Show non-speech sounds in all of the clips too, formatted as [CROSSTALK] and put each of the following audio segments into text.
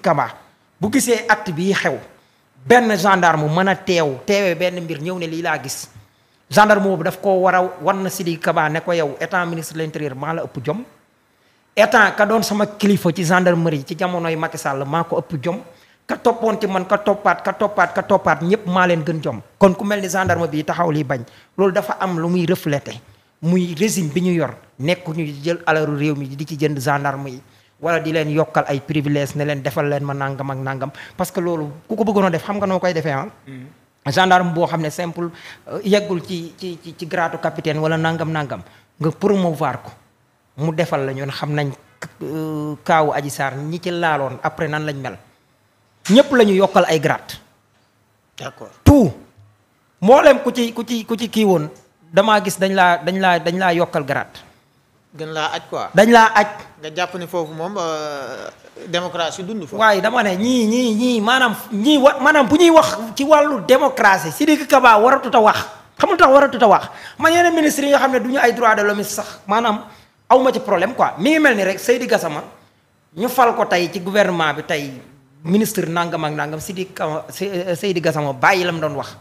Kaba bu gisee acte bii xew benn gendarme mën a teew teewee benn mbir ñëw ne lii laa gis gendarme boobu daf ko war a wan na Sidiki Kaba ne ko yow étant ministre de l'intérieur maa la ëpp jom étant ka doon sama kilifa ci gendarmerie ci jamonoy Macky Sall maa ko ëpp jom ka toppoon ci man ka toppaat ka toppaat ka toppaat ñëpp maa leen gën jom kon ku mel ni gendarme bi taxaw lii bañ loolu dafa am lu muy reflété muy régime bi ñu yor nekkuñu jël alalu réew mi di ci jënd gendarme yi wala di leen yokkal ay privilège ne leen defal leen ma nàngam ak nangam parce que loolu ku ko bëggoon a def xam nga noo koy defee ah. Mm. gendarme boo xam ne simple euh, yeggul ci ci ci ci grade capitaine wala nangam nangam nga promouvoir ko mu defal la ñun xam nañ euh, kaawu aji Sarr ñi ci laaloon après nan lañ mel ñëpp lañu yokkal ay grade. d'accord tout mboolem ku ci ku ci ku ci kii woon damaa gis dañ laa dañ laa dañ laa yokkal grade. gën laa aj quoi dañ laa aj. nga jàpp ne foofu moom euh, démocratie dund fa. waaye dama ne ñii ñii ñii maanaam ñii wa maanaam bu ñuy wax ci wàllu démocratie Sidiki Kaba waratut a wax xam lu tax waratut a wax ma yeneen ministre yi nga xam ne du ñu ay droit de l'homme sax maanaam awma ci problème quoi mi ngi mel ni rek Seydi Gassama ñu fal ko tey ci gouvernement bi tey ministre nangam ak nangam Sidiki Kaba euh, Seydi Gassama bàyyi la mu doon wax.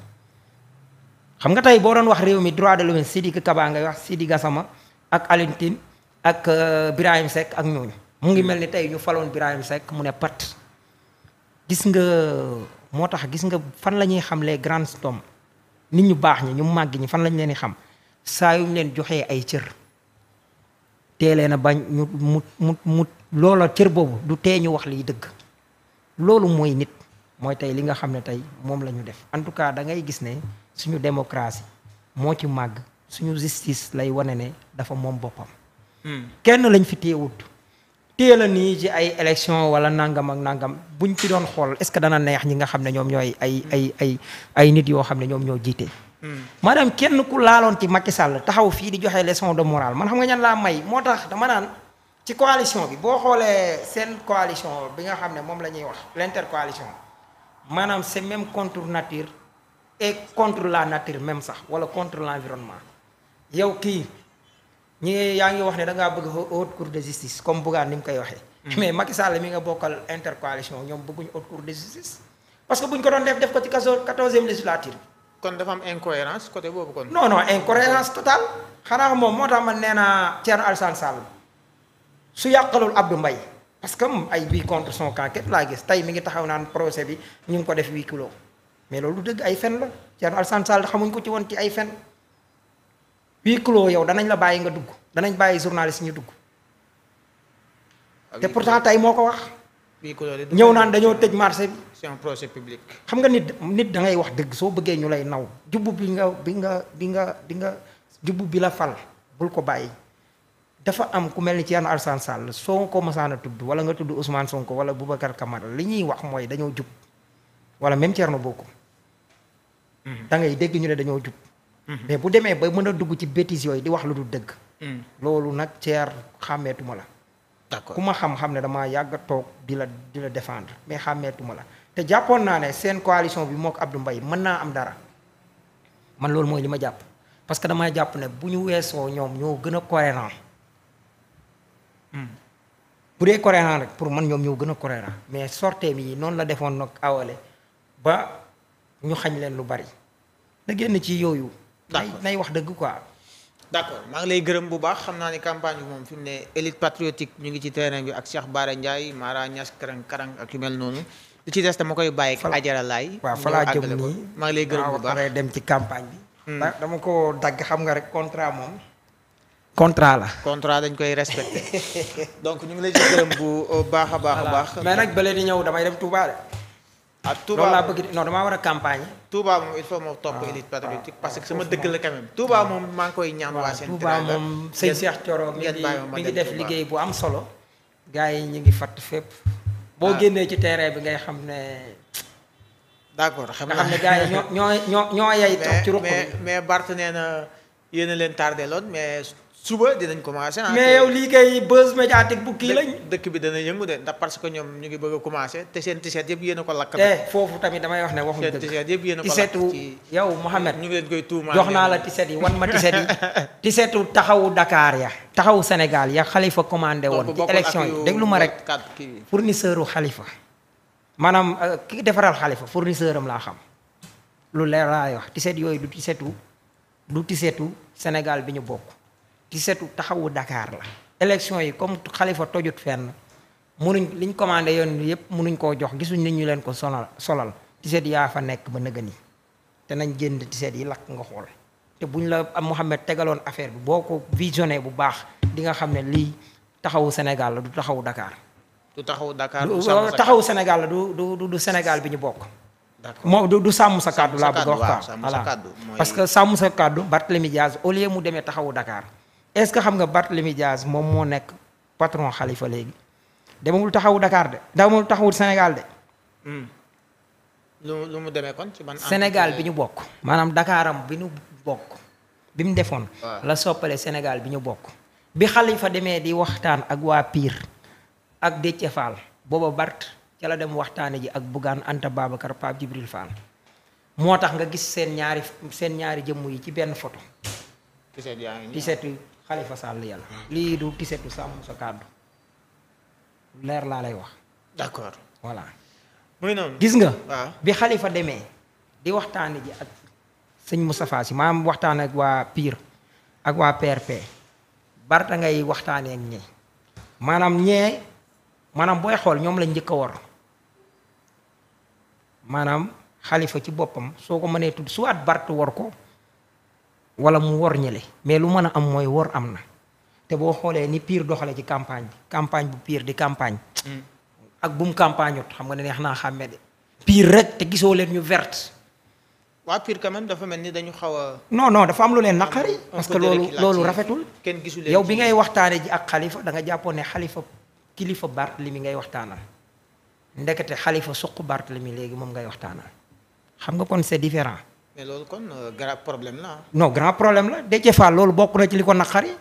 xam nga tey boo doon wax réew mi droit de l'homme Sidiki Kaba ngay wax Seydi Gassama. ak Alioune Tine ak euh, Birahim sekk ak ñooñu mu ngi mel ni tey ñu faloon Birahim sekk mu ne pat gis nga moo tax gis nga fan la ñuy xam les grands hommes nit ñu baax ñi ñu màgg ñi fan lañ leen di xam saa yu ñu leen joxee ay cër teelee na ba ñu mu mu mu loola cër boobu du tee ñu wax liy dëgg loolu mooy nit mooy tey li nga xam ne tey moom la ñu def en tout cas da ngay gis ne suñu démocratie moo ci màgg suñu justice lay wane ne dafa moom boppam. Hmm. kenn lañ fi téyewut téye la nii ci ay élection wala nangam ak nangam buñ ci doon xool est-ce que dana neex ñi nga xam ne ñoom ñooy ay ay ay nit yoo xam ne ñoom ñoo jiite. Hmm. maanaam kenn ku laaloon ci Macky Sall taxaw fii di joxe leçon de morale man xam nga ñan laa may moo tax dama naan. ci coalition bi boo xoolee seen coalition bi nga xam ne moom la ñuy wax l'intercoalition maanaam c'est même contre nature et contre la nature même sax wala contre l'environnement yow kii ñi yaa ngi wax ne da ngaa bëgg haute cour de justice comme Bougane ni mu koy waxee. Hmm. mais Macky Sall mi nga bokkal intercoalition ñoom bëgguñu haute cour de justice. parce que bu ñu ko doon def def ko ci kaso quatorzième législature. kon dafa am incohérence côté boobu kon. non non incohérence totale. xanaa moom moo tax ma nee naa Thierno Alassane Sall su yàqalul Abdou mbay parce que ay bii contre son camp laa gis tey mi ngi taxaw naan procès bi ñu ngi ko def huis clos mais loolu dëgg ay fen la Thierno Alassane Sall xamuñ ko ci woon ci ay fen. huis clos yow danañ la bàyyi nga dugg danañ bàyyi journaliste ñu dugg te pourtant tey moo ko wax ñëw naan dañoo tëj marché bi projet public xam nga nit nit da ngay wax dëgg soo bëggee ñu lay naw jubbu bi nga bi nga bi nga bi nga bi la fal bul ko bàyyi dafa am ku mel ni ci Thierno Alassane Sall soo ko masaan tudd wala nga tudd Ousmane Sonko wala Boubacar Camara li ñuy wax mooy dañoo jub wala même Thierno Bocoum mm-hmm. da ngay dégg ñu ne dañoo jub Mhm. mais bu demee ba mën a dugg ci bêtises yooyu di wax lu dul dëgg. Mm. loolu nag ceer xàmmeetuma la. d'accord ku ma xam-xam ne damaa yàgg toog di la di la défendre mais xàmmeetuma la te jàppoon naa ne seen coalition bi moo ko Abdou mbay mën naa am dara man loolu mooy li ma jàpp parce que damay jàpp ne bu ñu weesoo ñoom ñoo gën a cohérent mm. bu dee cohérent rek pour man ñoom ñoo gën a cohérent mais sorteem yi noonu la defoon nag awale ba ñu xañ leen lu bari na génn ci yooyu. d'accord nay wax dëgg quoi. d'accord maa ngi lay gërëm bu baax xam naa ne campagne bi moom fi mu ne élite patriotique ñu ngi ci terrain bi ak Cheikh Bara Ndiaye Mara Niass karang karang ak yu mel ci des dama koy bàyyi ak Ajara Laay. waaw fa laa jëm nii maa ngi lay gërëm bu baax dem ci campagne bi. Hmm. dama ko dagg xam nga rek contrat moom. contrat la. contrat dañ koy respecté [LAUGHS] donc ñu ngi euh, baax a baax a baax. nag bële di ñëw damay dem Touba ah Touba loolu laa bëgg non damaa war a campagne. Touba moom il faut moo topp ah. élite patriotique parce que sama ah, dëgg la quand même. Touba ah. moom maa koy ñaan waa seen. Touba moom sëñ Cheikh Thioro mi ngi def liggéey bu am solo. gars yi ñu ngi fatt fépp. boo génnee ci terrain bi ngay xam ne. d' accord xam naa nga xam ne gars yi ñoo ñoo ñoo yay [LAUGHS] ci ruq bi mais mais Barth yéen leen tardé loon mais suba dinañ commencé. Ah. mais yow lii kay buzz médiatique bu kii lañ. dëkk bi dana yëngu de ndax parce que ñoom ñu ngi bëgg a commencé te seen t-shirt yëpp yéen a ko lakk. te eh, foofu tamit damay wax ne waxuñu dëgg seen t-shirt yow Mouhamed ñu ngi leen koy tuumaal jox naa la t-shirt yi wan ma t-shirt yi. [LAUGHS] t-shirt taxawu Dakar ya. taxawu Sénégal ya xalifa commandé woon. ci élection yi lu ma rek fournisseur u xalifa maanaam euh, ki defaral xalifa fournisseur am laa xam lu leer wax t-shirt yooyu du t-shirtu du tisetu Sénégal bi ñu bokk tisetu taxawu dakaar la élection yi comme xalifa tojut fenn munuñ liñ commandé yoon yëpp mënuñ koo jox gisuñ ni ñu leen ko solal solal tiset yaa fa nekk ba nëgëni te nañ jënd tiset yi lakk nga xool te buñ la Mouhamed tegaloon affaire bi boo ko visionné bu baax di nga xam ne lii taxawu Sénégal la du taxawu dakaar du taxawu Dakar du taxawu Sénégal la du du du Sénégal bi ñu bokk. moo du sàmm sa kàddu laa bëgg a wax quoi voilà parce que sàmm sa kàddu Barthélemy Diaz au lieu mu demee taxawu Dakar est-ce que xam nga Barthélemy Diaz moom moo nekk patron Khalifa léegi demawul taxawu Dakar de demawul taxawu Sénégal de hmm. lu lu mu demee kon ci ban Sénégal bi ñu bokk maanaam dakaaram bi ñu bokk bi mu defoon la soppale Sénégal bi ñu bokk bi Khalifa demee di waxtaan ak waa Pire ak Déthié booba Barth ca la dem waxtaane ji ak Bougane Anta Babacar Pape Djibril Fall moo tax nga gis seen ñaari seen ñaari jëmm yi ci benn foto tisetu Khalifa Sall yàlla lii du tisetu sàmm sa kàddu leer laa lay wax d'accord voilà muy noonu gis nga bi xalifa demee di waxtaane ji ak sëñ Moustapha si maam waxtaan ak waa piir ak waa PRP barta ngay waxtaanee ak ñi maanaam ñee maanaam booy xool ñoom lañ njëkk a war maanaam xalifa ci boppam soo ko mënee tudd su at bart war ko wala mu wor ñële mais lu mën a am mooy wor am na te boo xoolee ni piir doxale ci campagne bi campagne bu piir di campagne mm. ak bum campagne ut xam nga ne neex naa xàmme de piir rek te gisoo leen ñu verte waa piir quand même dafa mel ni dañu xaw a non dafa am lu leen naqari parce que loolu loolu rafetul kenn gisul yow bi ngay waxtaane ji ak xalifa danga nga jàppoon ne xalifa kilifa Barth li mi ngay waxtaanal ndekete xalifa suq mi léegi moom ngay waxtaana xam nga kon c'est différent mais loolu kon euh, grand problème la non grand problème la Déthié Fall loolu bokk na ci li ko naqari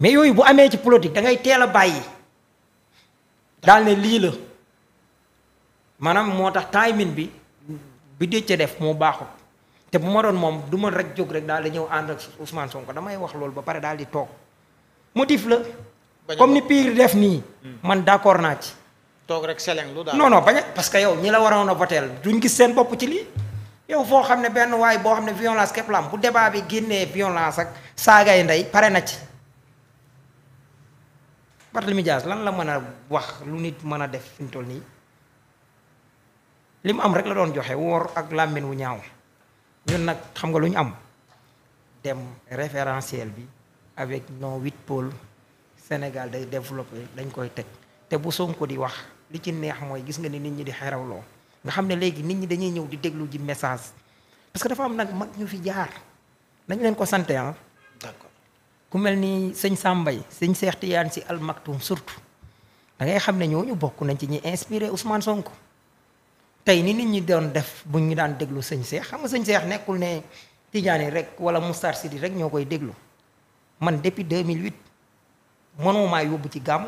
mais yooyu bu amee ci politique da ngay teel a bàyyi daal ne lii la maanaam moo tax timing bi bi Déthié def mu baaxul te bu ma doon moom du ma rek jóg rek daal di ñëw ànd ak Ousmane Sonko damay wax loolu ba pare daal di toog motif la comme ni pire def nii hmm. man d'accord naa ci toog rek seleng lu daal non parce que yow ñi la waroon a voteel duñ gis seen bopp ci lii yow foo xam ne benn waay boo xam ne violence képp la am bu débat bi génnee violence ak saagay ndey pare na ci lu Dias lan la mën a wax lu nit mën a def fi mu nii li am rek la doon joxe woor ak làmmiñ wu ñaaw ñun nag xam nga lu ñu am dem référentiel bi avec nos huit pôles Sénégal day développé dañ koy teg te bu soom ko di wax li ci neex mooy gis nga ni nit ñi di xerawloo nga xam ne léegi nit ñi dañuy ñëw di déglu ji message parce que dafa am nag mag ñu fi jaar nañ leen ko sante ah. d'accord ku mel ni sëñ Sambay sëñ Cheikh tiyaan si almaktum surtout da ngay xam ne ñu bokk nañ ci ñi inspiré Ousmane sonk tey ni nit ñi doon def bu ñu daan déglu sëñ Cheikh xam nga sëñ Cheikh nekkul ne Tidiane rek wala Moustar Sidi rek ñoo koy déglu man depuis 2008 mënoo maa yóbbu ci gàmm.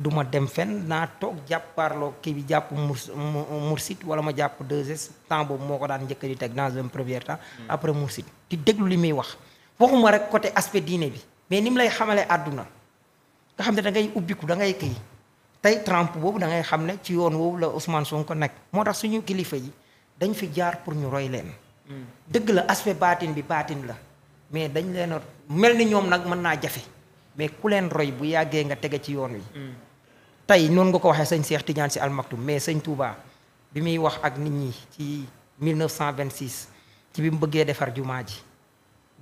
du ma dem fenn naa toog jàppaarloo kii bi jàpp murs mursit wala ma jàpp 2S temps boobu moo ko daan njëkk di teg dans un premier temps. Hmm. après mursit di déglu li muy wax. waxuma rek côté aspect diine bi mais ni mu lay xamalee àdduna nga xam ne da ngay ubbiku da ngay kii tey Trump boobu dangay xam ne ci yoon woowu la Ousmane Sonko nekk. moo tax suñu kilifa yi dañ fi jaar pour ñu roy leen. Hmm. dëgg la aspect baatin bi baatin la mais dañ leen mel ni ñoom nag mën naa jafe mais ku leen roy bu yàggee nga tege ci yoon wi. Hmm. tey noonu nga ko waxee sañ seex Tidiane si almaktum mais sëñ Touba bi muy wax ak nit ñi ci 1926 ci bi mu bëggee defar jumaa ji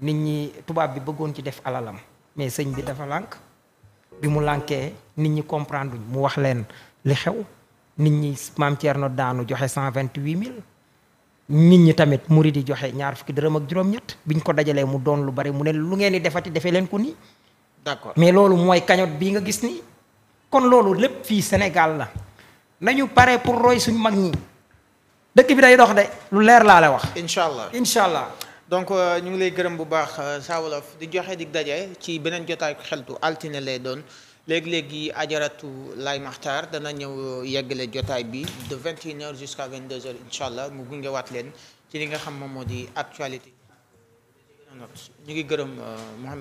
nit ñi tubaab bi bëggoon ci def alalam mais sañ bi dafa lànk bi mu lànkee nit ñi comprendre uñ mu wax leen li xew nit ñi maam Thierno daanu joxe 128000 nit ñi tamit muri di joxe ñaar fukki dërëm ak juróom-ñett biñ ko dajalee mu doon lu bari mu ne lu ngeen di defati defee leen ko nii. mais loolu mooy cagnotte bii nga gis nii. kon loolu lépp fii Sénégal la nañu pare pour roy suñu mag ñi dëkk bi day dox de lu leer laa la wax. incha allah incha allah. donc euh, ñu ngi lay gërëm bu baax euh, Saa Wolof di joxe dig daje ci beneen jotaay ko xeltu altine lay doon léegi-léegi ajaratu Lay Maxtaar dana ñëw euh, yeggale jotaay bi de vingt et une heures jusqu'à vingt-deux heures allah mu gungewaat leen ci li nga xam moom moo di actualité ñu ngi gërëm Mohamed